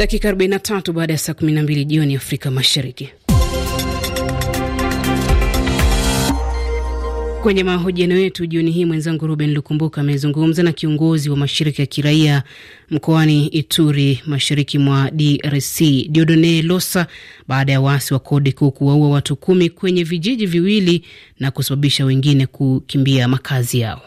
Dakika 43 baada ya saa 12 jioni Afrika Mashariki. Kwenye mahojiano yetu jioni hii mwenzangu Ruben Lukumbuka amezungumza na kiongozi wa mashirika ya kiraia mkoani Ituri, mashariki mwa DRC, Diodone Losa, baada ya waasi wa CODECO kuwaua watu kumi kwenye vijiji viwili na kusababisha wengine kukimbia makazi yao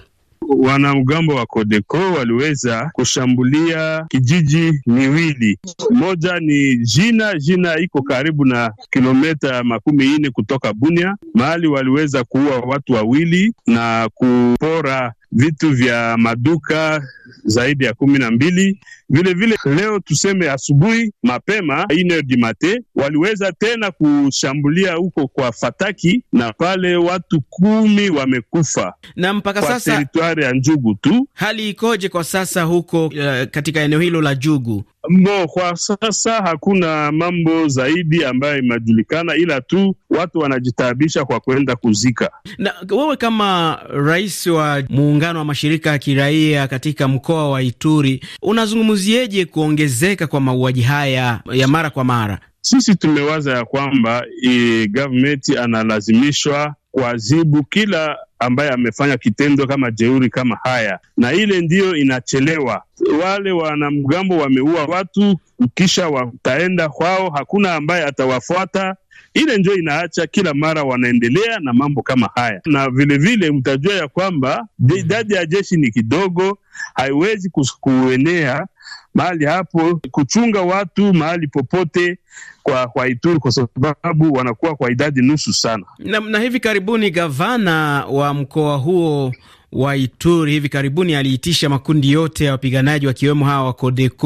wanamgambo wa Kodeko waliweza kushambulia kijiji miwili. Moja ni Jina, Jina iko karibu na kilometa makumi nne kutoka Bunia, mahali waliweza kuua watu wawili na kupora vitu vya maduka zaidi ya kumi na mbili. Vilevile leo tuseme asubuhi mapema ine mate waliweza tena kushambulia huko kwa Fataki na pale watu kumi wamekufa, na mpaka kwa sasa teritwari ya Njugu tu. Hali ikoje kwa sasa huko uh, katika eneo hilo la Jugu? Bo, kwa sasa hakuna mambo zaidi ambayo imejulikana, ila tu watu wanajitaabisha kwa kwenda kuzika. Na wewe kama rais wa muungano wa mashirika ya kiraia katika mkoa wa Ituri, unazungumzieje kuongezeka kwa mauaji haya ya mara kwa mara? Sisi tumewaza ya kwamba e, government analazimishwa kuadhibu kila ambaye amefanya kitendo kama jeuri kama haya, na ile ndiyo inachelewa. Wale wanamgambo wameua watu, kisha wataenda kwao, hakuna ambaye atawafuata ile ndio inaacha kila mara wanaendelea na mambo kama haya, na vilevile mtajua ya kwamba mm. idadi ya jeshi ni kidogo, haiwezi kuenea mahali hapo kuchunga watu mahali popote kwa, kwa Ituri kwa sababu wanakuwa kwa idadi nusu sana. Na, na hivi karibuni gavana wa mkoa huo wa Ituri hivi karibuni aliitisha makundi yote ya wapiganaji wakiwemo hawa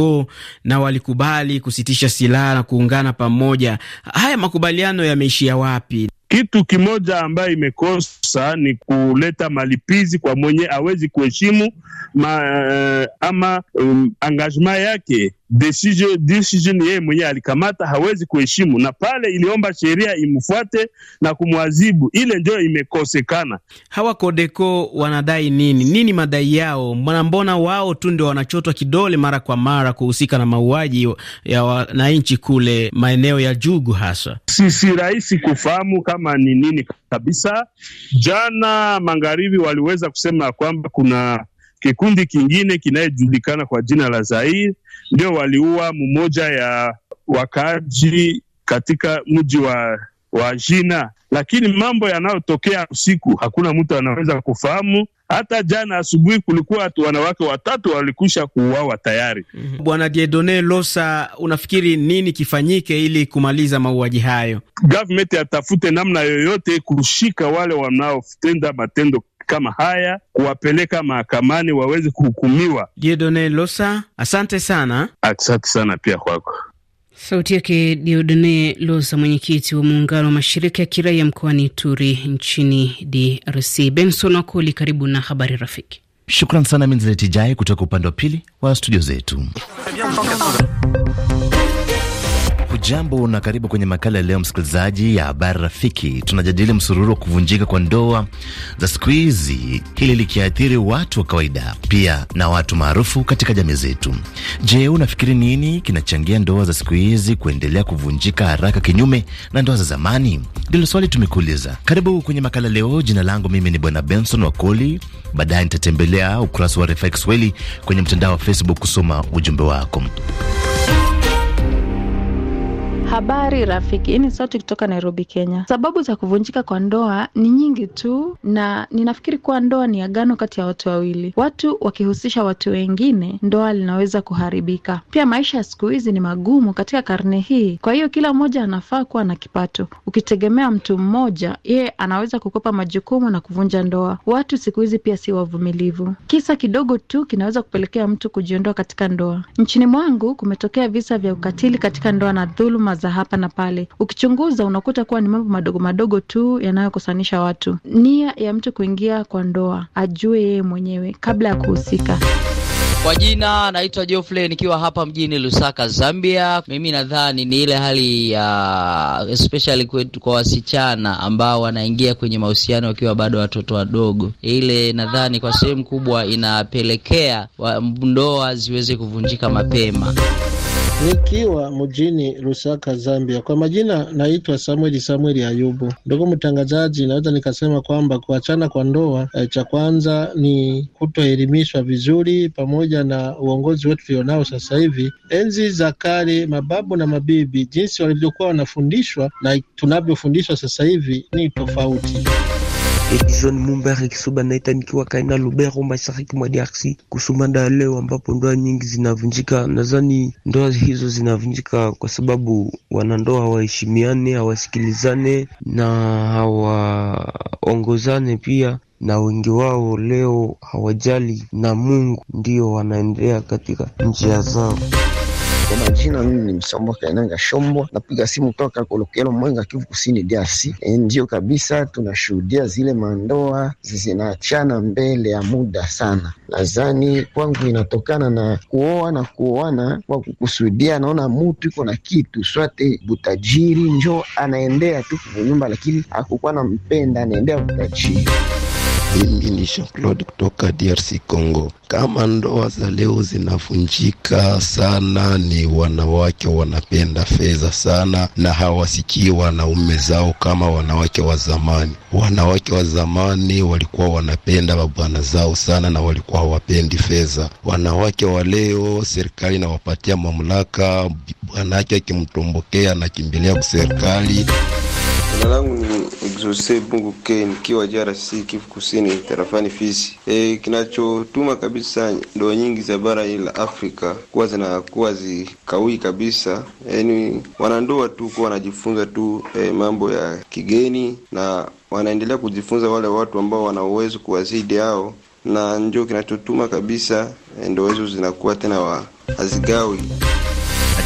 wa na walikubali kusitisha silaha na kuungana pamoja. Haya makubaliano yameishia wapi? Kitu kimoja ambayo imekosa kosa ni kuleta malipizi kwa mwenye awezi kuheshimu ma, eh, ama um, engagement yake decision, decision yeye mwenye alikamata hawezi kuheshimu, na pale iliomba sheria imfuate na kumwazibu Ile ndio imekosekana. Hawa Kodeko wanadai nini? Nini madai yao? Mbona mbona wao tu ndio wanachotwa kidole mara kwa mara kuhusika na mauaji ya wananchi kule maeneo ya Jugu hasa? Si si rahisi kufahamu kama ni nini kabisa Jana magharibi waliweza kusema kwamba kuna kikundi kingine kinayejulikana kwa jina la Zair, ndio waliua mmoja ya wakaaji katika mji wa wa jina, lakini mambo yanayotokea usiku hakuna mtu anaweza kufahamu. Hata jana asubuhi kulikuwa watu wanawake watatu walikusha kuuawa tayari. mm -hmm. Bwana Diedone Losa, unafikiri nini kifanyike ili kumaliza mauaji hayo? Government atafute namna yoyote kushika wale wanaotenda matendo kama haya, kuwapeleka mahakamani waweze kuhukumiwa. Diedone Losa, asante sana. Asante sana pia kwako. Sauti yake Diodone losa mwenyekiti wa muungano wa mashirika ya kiraia mkoani turi nchini DRC. Benson Wakoli, karibu na habari rafiki. Shukran sana Minzletijai kutoka upande wa pili wa studio zetu jambo na karibu kwenye makala leo, msikilizaji ya habari rafiki. Tunajadili msururu wa kuvunjika kwa ndoa za siku hizi, hili likiathiri watu wa kawaida pia na watu maarufu katika jamii zetu. Je, unafikiri nini kinachangia ndoa za siku hizi kuendelea kuvunjika haraka kinyume na ndoa za zamani? Ndilo swali tumekuuliza. Karibu kwenye makala leo. Jina langu mimi ni Bwana Benson Wakoli. Baadaye nitatembelea ukurasa wa Refai Kiswahili kwenye mtandao wa Facebook kusoma ujumbe wako. Habari rafiki, hii ni sauti kutoka Nairobi, Kenya. Sababu za kuvunjika kwa ndoa ni nyingi tu, na ninafikiri kuwa ndoa ni agano kati ya watu wawili. Watu wakihusisha watu wengine, ndoa linaweza kuharibika. Pia maisha ya siku hizi ni magumu katika karne hii, kwa hiyo kila mmoja anafaa kuwa na kipato. Ukitegemea mtu mmoja, yeye anaweza kukopa majukumu na kuvunja ndoa. Watu siku hizi pia si wavumilivu. Kisa kidogo tu kinaweza kupelekea mtu kujiondoa katika ndoa. Nchini mwangu kumetokea visa vya ukatili katika ndoa na dhuluma za hapa na pale. Ukichunguza unakuta kuwa ni mambo madogo madogo tu yanayokosanisha watu. Nia ya mtu kuingia kwa ndoa ajue yeye mwenyewe kabla ya kuhusika. Kwa jina naitwa Geoffrey nikiwa hapa mjini Lusaka, Zambia. Mimi nadhani ni ile hali ya uh, especially kwetu kwa wasichana ambao wanaingia kwenye mahusiano wakiwa bado watoto wadogo. Ile nadhani kwa sehemu kubwa inapelekea ndoa ziweze kuvunjika mapema. Nikiwa mjini Lusaka, Zambia. Kwa majina naitwa Samueli Samueli Ayubu. Ndugu mtangazaji, naweza nikasema kwamba kuachana kwa ndoa e, cha kwanza ni kutoelimishwa vizuri, pamoja na uongozi wetu tulionao sasa hivi. Enzi za kale, mababu na mabibi, jinsi walivyokuwa wanafundishwa na tunavyofundishwa sasa hivi ni tofauti. Edison Mumbarek Soba nikiwa kaina Lubero, mashariki mwa DRC kusumbanda leo, ambapo ndoa nyingi zinavunjika. Nadhani ndoa hizo zinavunjika kwa sababu wanandoa hawaheshimiane, hawasikilizane na hawaongozane pia na wengi wao leo hawajali na Mungu, ndio wanaendelea katika njia zao. Kwa majina mimi ni Msombo Kainanga Shombo, napiga simu toka Kolokelo, Mwenga, Kivu Kusini, DRC. E, ndio kabisa tunashuhudia zile mandoa zinaachana mbele ya muda sana. Nadhani kwangu inatokana na kuoa na kuoana kwa kukusudia. Naona mutu iko na kitu swate butajiri, njo anaendea tu kunyumba, lakini akukuwa na mpenda, anaendea butajiri mimi ni Jean Claude kutoka DRC Congo. Kama ndoa za leo zinavunjika sana, ni wanawake wanapenda fedha sana na hawasikii wanaume zao kama wanawake wa zamani. Wanawake wa zamani walikuwa wanapenda mabwana zao sana na walikuwa hawapendi fedha. Wanawake wa leo, serikali inawapatia mamlaka, bwanake akimtombokea anakimbilia kwa serikali. Jina langu ni Exose Bungu K, nikiwa DRC Kivu Kusini, tarafani Fizi. E, kinachotuma kabisa ndoa nyingi za bara hili la Afrika kuwa zinakuwa zikawii kabisa, yaani wanandoa tu kuwa wanajifunza tu e, mambo ya kigeni na wanaendelea kujifunza wale watu ambao wana uwezo kuwazidi hao, na njoo kinachotuma kabisa e, ndoa hizo zinakuwa tena hazigawi.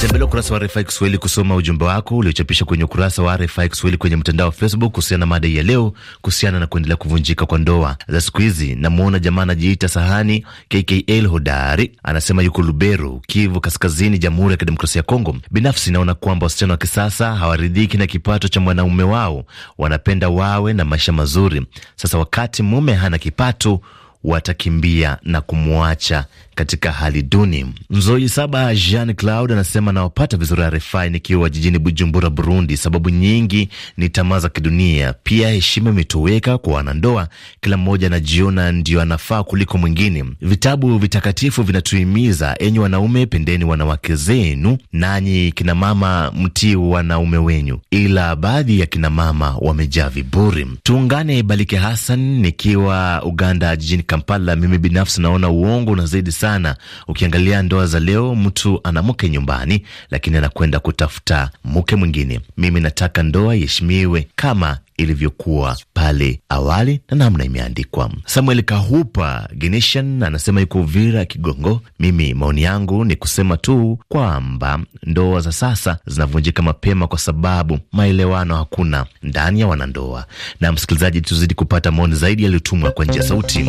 Tembelea ukurasa wa RFI Kiswahili kusoma ujumbe wako uliochapisha kwenye ukurasa wa RFI Kiswahili kwenye mtandao wa Facebook kuhusiana na mada ya leo kuhusiana na kuendelea kuvunjika kwa ndoa za siku hizi. Namwona jamaa anajiita Sahani KKL Hodari, anasema yuko Lubero, Kivu Kaskazini, Jamhuri ya Kidemokrasia ya Kongo. Binafsi naona kwamba wasichana wa kisasa hawaridhiki na kipato cha mwanaume wao, wanapenda wawe na maisha mazuri. Sasa wakati mume hana kipato watakimbia na kumwacha katika hali duni. Mzoi saba Jean Claude anasema nawapata vizuri arefai nikiwa jijini Bujumbura, Burundi. Sababu nyingi ni tamaa za kidunia, pia heshima imetoweka kwa wanandoa, kila mmoja anajiona ndio anafaa kuliko mwingine. Vitabu vitakatifu vinatuhimiza, enyi wanaume, pendeni wanawake zenu, nanyi kinamama, mtii wanaume wenyu, ila baadhi ya kinamama wamejaa viburi. Tuungane Balike Hassan nikiwa Uganda, jijini Kampala, mimi binafsi naona uongo na zaidi sana. Ukiangalia ndoa za leo, mtu ana mke nyumbani, lakini anakwenda kutafuta mke mwingine. Mimi nataka ndoa iheshimiwe kama ilivyokuwa pale awali na namna imeandikwa. Samuel Kahupa ginishan anasema yuko Uvira Kigongo. Mimi maoni yangu ni kusema tu kwamba ndoa za sasa zinavunjika mapema kwa sababu maelewano hakuna ndani ya wanandoa. Na msikilizaji, tuzidi kupata maoni zaidi yaliyotumwa kwa njia sauti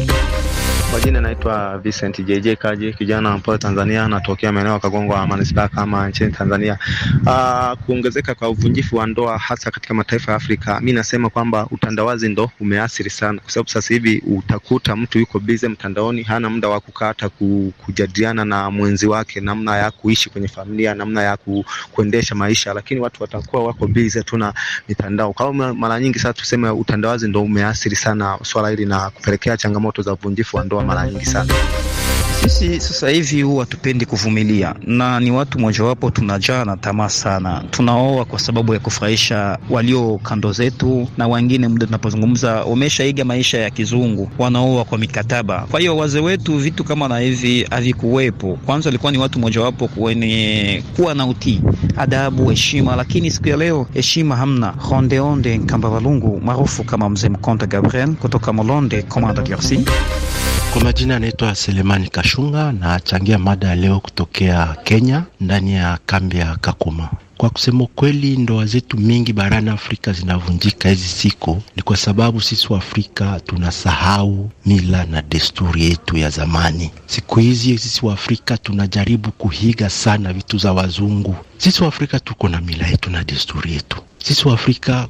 kwa jina naitwa Vincent JJ Kaji, kijana ambaye Tanzania natokea maeneo ya Kagongo wa manispaa kama nchini Tanzania. Uh, kuongezeka kwa uvunjifu wa ndoa hasa katika mataifa ya Afrika, mi nasema kwamba utandawazi ndo umeathiri sana, kwa sababu sasa hivi utakuta mtu yuko bize mtandaoni, hana muda wa kukata kujadiliana na mwenzi wake namna ya kuishi kwenye familia, namna ya ku, kuendesha maisha, lakini watu watakuwa wako bize tu na mitandao. Kwa mara nyingi sasa tuseme utandawazi ndo umeathiri sana swala hili na kupelekea changamoto za uvunjifu wa ndoa kwa mara nyingi sana. Sisi sasa hivi huwa hatupendi kuvumilia, na ni watu mojawapo tunajaa na tamaa sana. Tunaoa kwa sababu ya kufurahisha walio kando zetu, na wengine muda tunapozungumza wameshaiga maisha ya kizungu, wanaoa kwa mikataba. Kwa hiyo wazee wetu vitu kama na hivi havikuwepo. Kwanza walikuwa ni watu mojawapo kwenye kuwa na utii, adabu, heshima, lakini siku ya leo heshima hamna. Rondeonde Nkamba valungu maarufu kama Mzee Mkonta Gabriel kutoka Molonde, Komanda DRC. Kwa majina anaitwa Selemani Kashunga na achangia mada ya leo kutokea Kenya ndani ya kambi ya Kakuma. Kwa kusema ukweli, ndoa zetu mingi barani Afrika zinavunjika hizi siku, ni kwa sababu sisi wa Afrika tunasahau mila na desturi yetu ya zamani. Siku hizi sisi wa Afrika tunajaribu kuhiga sana vitu za wazungu. Sisi wa Afrika tuko na mila yetu na desturi yetu. Sisi wa Afrika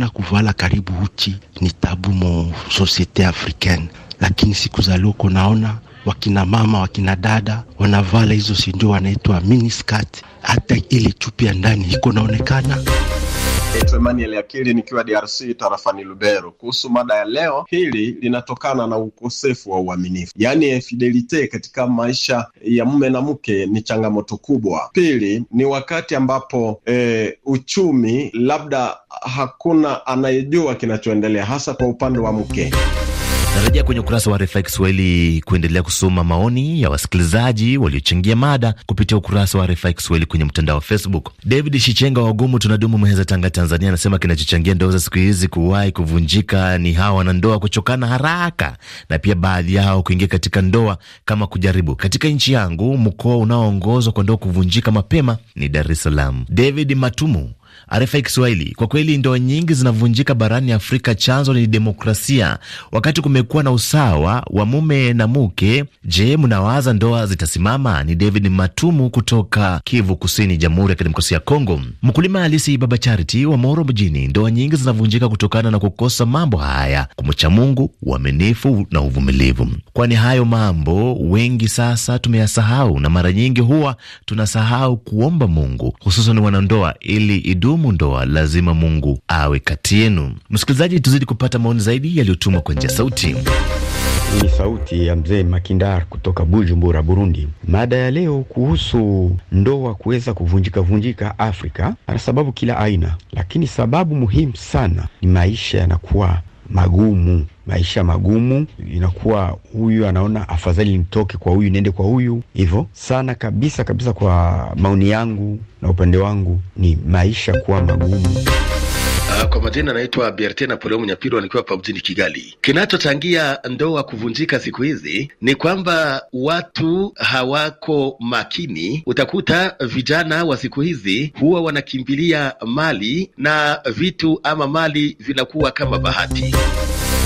wa kuvala karibu uchi ni tabu mu societe africaine lakini siku za leo kunaona wakina mama wakina dada wanavala hizo, sindio wanaitwa miniskirt, hata ile chupi ya ndani iko naonekana. Emanuel Akili nikiwa DRC tarafani Lubero. Kuhusu mada ya leo, hili linatokana na ukosefu wa uaminifu, yaani fidelite katika maisha ya mume na mke ni changamoto kubwa. Pili ni wakati ambapo e, uchumi labda hakuna anayejua kinachoendelea hasa kwa upande wa mke. Narejea kwenye ukurasa wa RFI Kiswahili kuendelea kusoma maoni ya wasikilizaji waliochangia mada kupitia ukurasa wa RFI Kiswahili kwenye mtandao wa Facebook. David Shichenga wagumu tunadumu mweheza Tanga, Tanzania, anasema kinachochangia ndoa za siku hizi kuwahi kuvunjika ni hawa wanandoa kuchokana haraka na pia baadhi yao kuingia katika ndoa kama kujaribu. Katika nchi yangu mkoa unaoongozwa kwa ndoa kuvunjika mapema ni Dar es Salaam. David Matumu RFI Kiswahili, kwa kweli ndoa nyingi zinavunjika barani Afrika, chanzo ni demokrasia. Wakati kumekuwa na usawa wa mume na mke, je, mnawaza ndoa zitasimama? Ni David Matumu kutoka Kivu Kusini, Jamhuri ya Kidemokrasia ya Kongo. Mkulima halisi Baba Charity wa Moro mjini, ndoa nyingi zinavunjika kutokana na kukosa mambo haya: kumcha Mungu, uaminifu na uvumilivu, kwani hayo mambo wengi sasa tumeyasahau, na mara nyingi huwa tunasahau kuomba Mungu, hususan wanandoa, ili idumu kudumu ndoa, lazima Mungu awe kati yenu. Msikilizaji, tuzidi kupata maoni zaidi yaliyotumwa kwa njia sauti. Ni sauti ya mzee Makindar kutoka Bujumbura, Burundi. Mada ya leo kuhusu ndoa kuweza kuvunjika vunjika Afrika, ana sababu kila aina, lakini sababu muhimu sana ni maisha yanakuwa magumu maisha magumu, inakuwa huyu anaona afadhali nitoke kwa huyu niende kwa huyu. Hivyo sana kabisa kabisa, kwa maoni yangu na upande wangu ni maisha kuwa magumu. Ah, kwa majina anaitwa Berte Napoleo Mnyapiro, nikiwa hapa mjini Kigali. Kinachochangia ndoa kuvunjika siku hizi ni kwamba watu hawako makini. Utakuta vijana wa siku hizi huwa wanakimbilia mali na vitu ama mali vinakuwa kama bahati.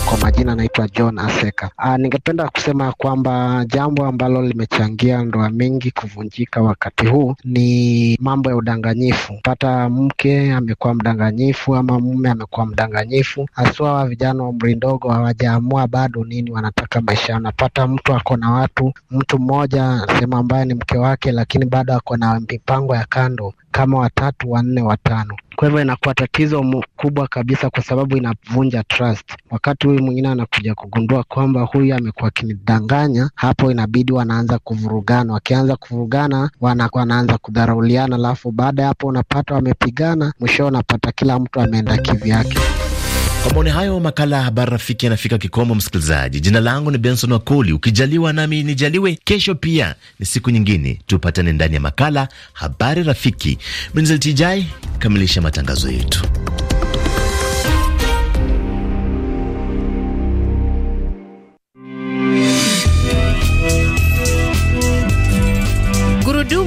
Kwa majina anaitwa John Aseka. Ah, ningependa kusema kwamba jambo ambalo limechangia ndoa mingi kuvunjika wakati huu ni mambo ya udanganyifu. Pata mke amekuwa mdanganyifu ama mume amekuwa mdanganyifu, haswa wa vijana wa umri ndogo hawajaamua bado nini wanataka maisha. Anapata mtu ako na watu, mtu mmoja sema ambaye ni mke wake, lakini bado ako na mipango ya kando kama watatu, wanne, watano. Kwa hivyo inakuwa tatizo kubwa kabisa, kwa sababu inavunja trust wakati huyu mwingine anakuja kugundua kwamba huyu amekuwa akinidanganya, hapo inabidi wanaanza kuvurugana. Wakianza kuvurugana, wana, wanaanza kudharauliana, alafu baada ya hapo unapata wamepigana, mwisho unapata kila mtu ameenda kivyake. Kwa maoni hayo, makala ya Habari Rafiki yanafika kikomo, msikilizaji. Jina langu ni Benson Wakoli. Ukijaliwa nami nijaliwe, kesho pia ni siku nyingine, tupatane ndani ya makala Habari Rafiki. Menziltijai kamilisha matangazo yetu.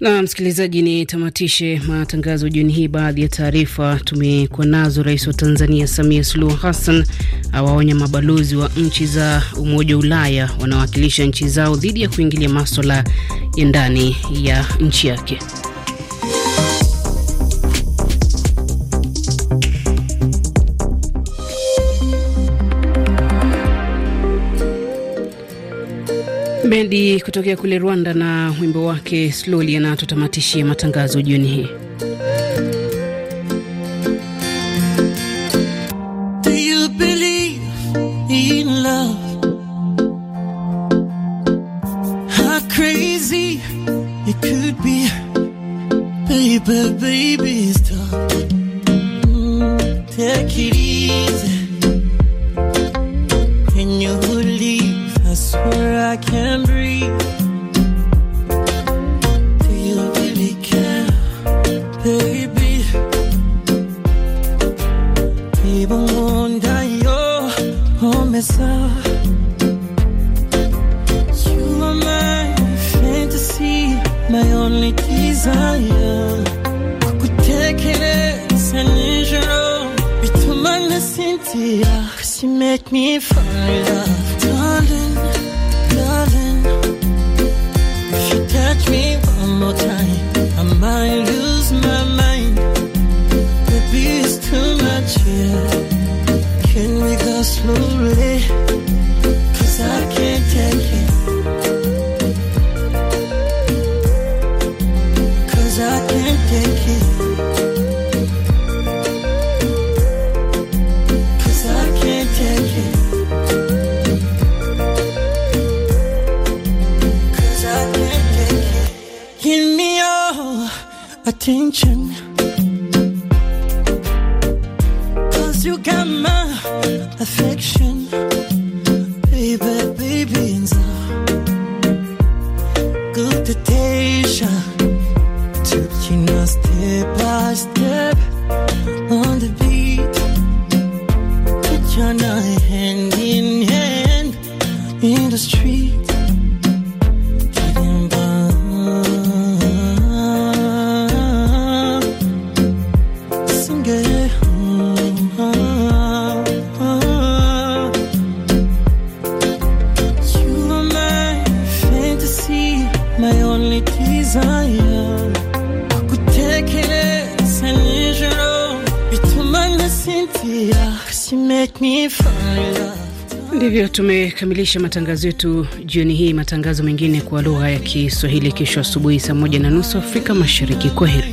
Na msikilizaji, ni tamatishe matangazo jioni hii. Baadhi ya taarifa tumekuwa nazo: Rais wa Tanzania Samia Suluhu Hassan awaonya mabalozi wa nchi za Umoja wa Ulaya wanawakilisha nchi zao dhidi ya kuingilia maswala ya ndani ya nchi yake. Bendi kutokea kule Rwanda na wimbo wake Slowly anatotamatishia matangazo jioni hii. Baby, baby, stop. You make me fall in love, darling, darling. If you touch me one more time, I might lose my mind. Baby, it's too much here. Can we go slowly? Cause I can't. Ndivyo tumekamilisha matangazo yetu jioni hii. Matangazo mengine kwa lugha ya Kiswahili kesho asubuhi saa moja na nusu Afrika Mashariki. Kwa heri.